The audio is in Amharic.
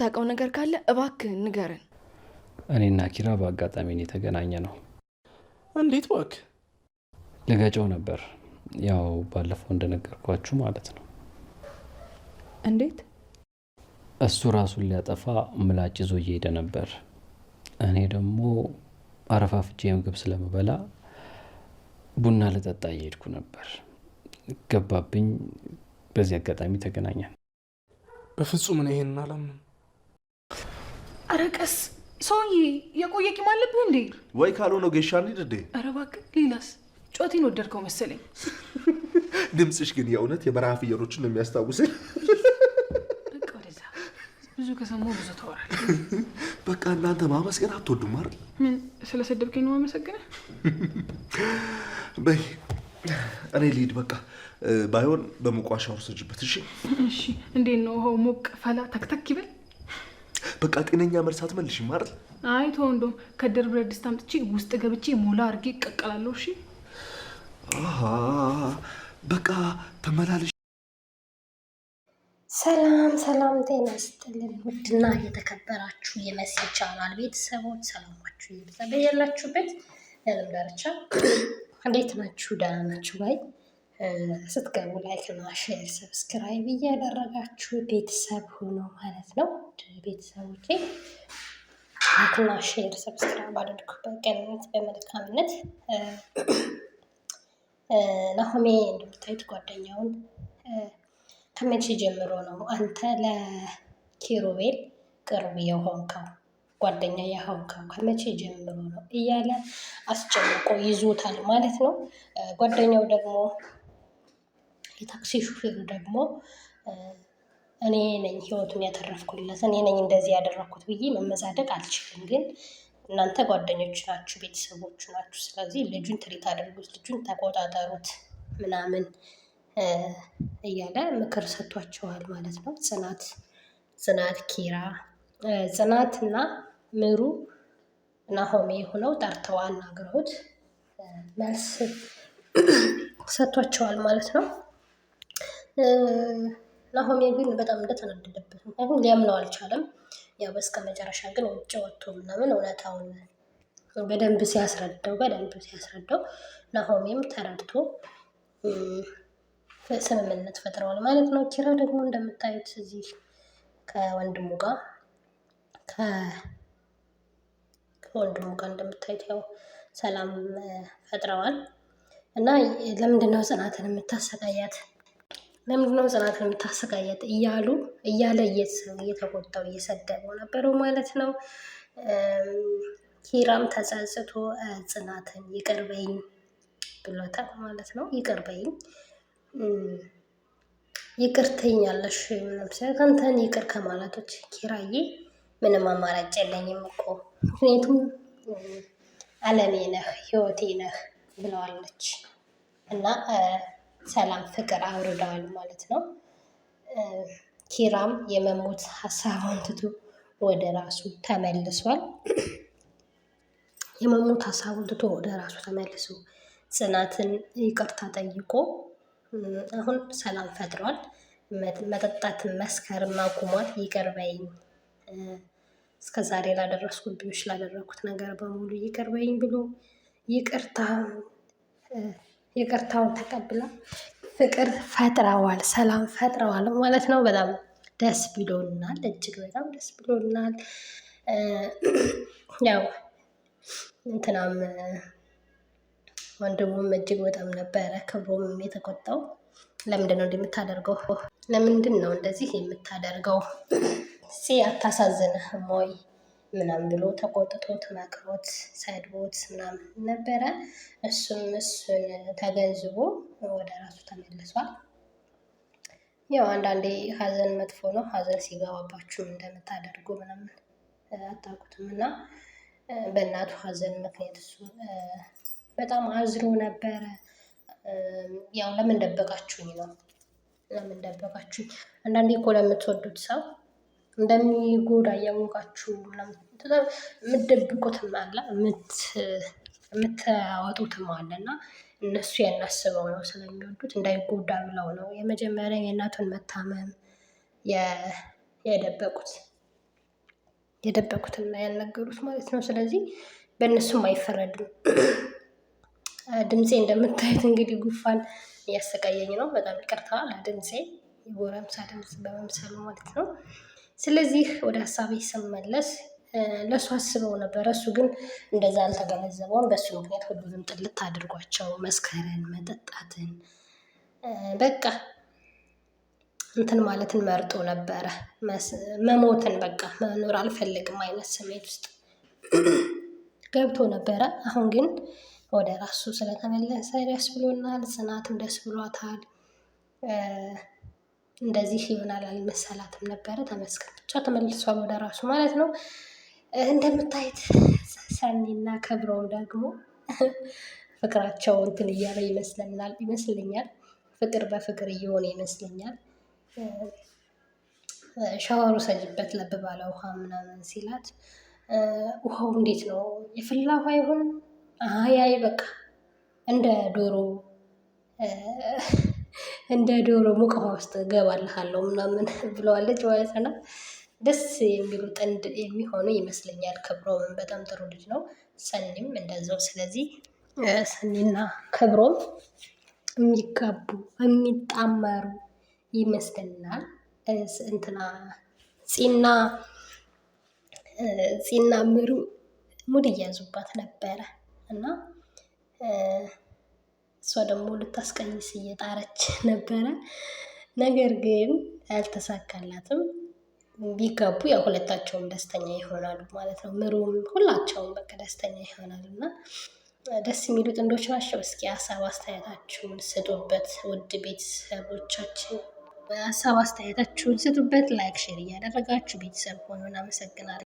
ታውቀው ነገር ካለ እባክህ ንገረን። እኔና ኪራ በአጋጣሚ የተገናኘ ነው። እንዴት ባክ? ልገጨው ነበር ያው ባለፈው እንደነገርኳችሁ ማለት ነው። እንዴት? እሱ ራሱን ሊያጠፋ ምላጭ ይዞ እየሄደ ነበር። እኔ ደግሞ አረፋፍጄ ምግብ ስለምበላ ቡና ልጠጣ እየሄድኩ ነበር። ገባብኝ። በዚህ አጋጣሚ ተገናኘን። በፍጹም ነው ይሄንን አላምንም። ኧረ ቀስ ሰውዬ፣ የቆየ ቂም አለብህ እንዴ? ወይ ካልሆነው ጌሻ እንሂድ እንዴ? ኧረ እባክህ። ሌላስ? ጩኸቴን ወደድከው መሰለኝ። ድምፅሽ ግን የእውነት የበረሃ ፍየሮችን ነው የሚያስታውሰኝ። በቃ ወደዛ ብዙ ከሰማሁ ብዙ ታወራለህ። በቃ እናንተ ማመስገን አትወዱም አይደል? ምን ስለሰደብከኝ ነው የማመሰግነህ? በይ እኔ ልሂድ በቃ። ባይሆን በሙቋሻ ውርሰጅበት። እሺ፣ እሺ። እንዴት ነው ውሃው? ሞቅ ፈላ ተክተክ ይበል በቃ ጤነኛ መርሳት መልሽ ማር አይ ተው፣ እንደውም ከደር ብረት ድስት አምጥቼ ውስጥ ገብቼ ሞላ አድርጌ እቀቀላለሁ። እሺ በቃ ተመላለሽ። ሰላም ሰላም፣ ጤና ይስጥልን ውድና የተከበራችሁ የመሲ ቻናል ቤተሰቦች ሰላማችሁ ይብዛ በያላችሁበት የዓለም ዳርቻ። እንዴት ናችሁ? ደህና ናችሁ? ባይ ስትገቡ ላይክ እና ሼር ሰብስክራይብ እያደረጋችሁ ቤተሰብ ሆኖ ማለት ነው። ቤተሰቦቼ ላይክ እና ሼር ሰብስክራይብ አድርጉ። በቅንነት በመልካምነት ናሆሜ እንደምታዩት ጓደኛውን ከመቼ ጀምሮ ነው አንተ ለኪሩቤል ቅርብ የሆንከው ጓደኛ የሆንከው ከመቼ ጀምሮ ነው እያለ አስጨንቆ ይዞታል ማለት ነው። ጓደኛው ደግሞ የታክሲ ሹፌሩ ደግሞ እኔ ነኝ ህይወቱን ያተረፍኩለት እኔ ነኝ እንደዚህ ያደረግኩት ብዬ መመዛደቅ አልችልም። ግን እናንተ ጓደኞች ናችሁ፣ ቤተሰቦቹ ናችሁ። ስለዚህ ልጁን ትሪት አድርጉት፣ ልጁን ተቆጣጠሩት ምናምን እያለ ምክር ሰጥቷቸዋል ማለት ነው። ጽናት ጽናት ኪራ ጽናት እና ምሩ ናሆሜ ሆነው ጠርተው አናግረውት መልስ ሰጥቷቸዋል ማለት ነው። ናሆሜ ግን በጣም እንደተናደደበት፣ ምክንያቱም ሊያምነው አልቻለም። ያው በስከ መጨረሻ ግን ውጭ ወጥቶ ምናምን እውነታውን በደንብ ሲያስረዳው በደንብ ሲያስረዳው ናሆሜም ተረድቶ ስምምነት ፈጥረዋል ማለት ነው። ኪራ ደግሞ እንደምታዩት እዚህ ከወንድሙ ጋር ከወንድሙ ጋር እንደምታዩት ያው ሰላም ፈጥረዋል እና ለምንድነው ጽናትን የምታሰቃያት ለምንድነው ጽናትን የምታሰቃያት እያሉ እያለ እየተቆጣው እየሰደበው ነበረው ማለት ነው። ኪራም ተጸጽቶ ጽናትን ይቅርበኝ ብሎታል ማለት ነው። ይቅርበኝ ይቅር ትይኛለሽ ምንም ሳይሆን አንተን ይቅር ከማለቶች ኪራዬ ምንም አማራጭ የለኝም እኮ ምክንያቱም አለሜ ነህ፣ ህይወቴ ነህ ብለዋለች እና ሰላም ፍቅር አውርደዋል ማለት ነው። ኪራም የመሞት ሀሳቡን ትቶ ወደ ራሱ ተመልሷል። የመሞት ሀሳቡን ትቶ ወደ ራሱ ተመልሶ ጽናትን ይቅርታ ጠይቆ አሁን ሰላም ፈጥሯል። መጠጣት መስከር ማቁሟል። ይቅር እስከ ዛሬ ላደረስኩብሽ ላደረኩት ነገር በሙሉ ይቅር ብሎ ይቅርታ ይቅርታውን ተቀብላ ፍቅር ፈጥረዋል፣ ሰላም ፈጥረዋል ማለት ነው። በጣም ደስ ብሎናል፣ እጅግ በጣም ደስ ብሎናል። ያው እንትናም ወንድሙም እጅግ በጣም ነበረ ክብሮም የተቆጣው። ለምንድን ነው እንደምታደርገው? ለምንድን ነው እንደዚህ የምታደርገው? ሲ አታሳዝንህም ወይ ምናምን ብሎ ተቆጥቶት መክሮት ሰድቦት ምናምን ነበረ። እሱም እሱን ተገንዝቦ ወደ ራሱ ተመልሷል። ያው አንዳንዴ ሀዘን መጥፎ ነው። ሀዘን ሲገባባችሁም እንደምታደርጉ ምናምን አታውቁትም እና በእናቱ ሀዘን ምክንያት እሱ በጣም አዝሮ ነበረ። ያው ለምን ደበቃችሁኝ ነው ለምን ደበቃችሁኝ። አንዳንዴ እኮ ለምትወዱት ሰው እንደሚጎዳ እያወቃችሁ የምትደብቁትም አለ የምታወጡትም አለ እና እነሱ ያናስበው ነው ስለሚወዱት እንዳይጎዳ ብለው ነው የመጀመሪያ የእናቱን መታመም የደበቁት የደበቁትና ያልነገሩት ማለት ነው። ስለዚህ በእነሱም አይፈረድም። ድምፄ እንደምታዩት እንግዲህ ጉፋን እያሰቃየኝ ነው። በጣም ይቅርታ ለድምፄ የጎረምሳ ድምፅ በመምሰሉ ማለት ነው። ስለዚህ ወደ ሀሳቤ ስመለስ ለእሱ አስበው ነበረ። እሱ ግን እንደዛ አልተገነዘበውም። በእሱ ምክንያት ሁሉንም ጥልት አድርጓቸው መስከረን፣ መጠጣትን በቃ እንትን ማለትን መርጦ ነበረ። መሞትን በቃ መኖር አልፈልግም አይነት ስሜት ውስጥ ገብቶ ነበረ። አሁን ግን ወደ ራሱ ስለተመለሰ ደስ ብሎናል። ጽናትም ደስ ብሏታል። እንደዚህ ይሆናል አልመሰላትም ነበረ። ተመስገን ብቻ ተመልሷል ወደ ራሱ ማለት ነው። እንደምታየት ሰኒና ከብረው ደግሞ ፍቅራቸው እንትን እያለ ይመስለናል ይመስለኛል። ፍቅር በፍቅር እየሆነ ይመስለኛል። ሻወሩ ሰጅበት ለብ ባለ ውሃ ምናምን ሲላት ውሃው እንዴት ነው የፍላ ውሃ ይሆን? አይ አይ በቃ እንደ ዶሮ እንደ ዶሮ ሙቅ ውስጥ እገባልሃለሁ ምናምን ብለዋለች ማለት ነው። ደስ የሚሉ ጥንድ የሚሆኑ ይመስለኛል። ክብሮምን በጣም ጥሩ ልጅ ነው። ሰኒም እንደዛው። ስለዚህ ሰኒና ክብሮም የሚጋቡ የሚጣመሩ ይመስለናል። እንትና ጺና ጺና ምሩ ሙድ እያዙባት ነበረ እና እሷ ደግሞ ልታስቀይስ እየጣረች ነበረ። ነገር ግን አልተሳካላትም። ቢጋቡ ያው ሁለታቸውም ደስተኛ ይሆናሉ ማለት ነው። ምሩም ሁላቸውም በቃ ደስተኛ ይሆናሉ እና ደስ የሚሉ ጥንዶች ናቸው። እስኪ ሀሳብ አስተያየታችሁን ስጡበት፣ ውድ ቤተሰቦቻችን ሀሳብ አስተያየታችሁን ስጡበት። ላይክ ሼር እያደረጋችሁ ቤተሰብ ሆኖ እናመሰግናለን።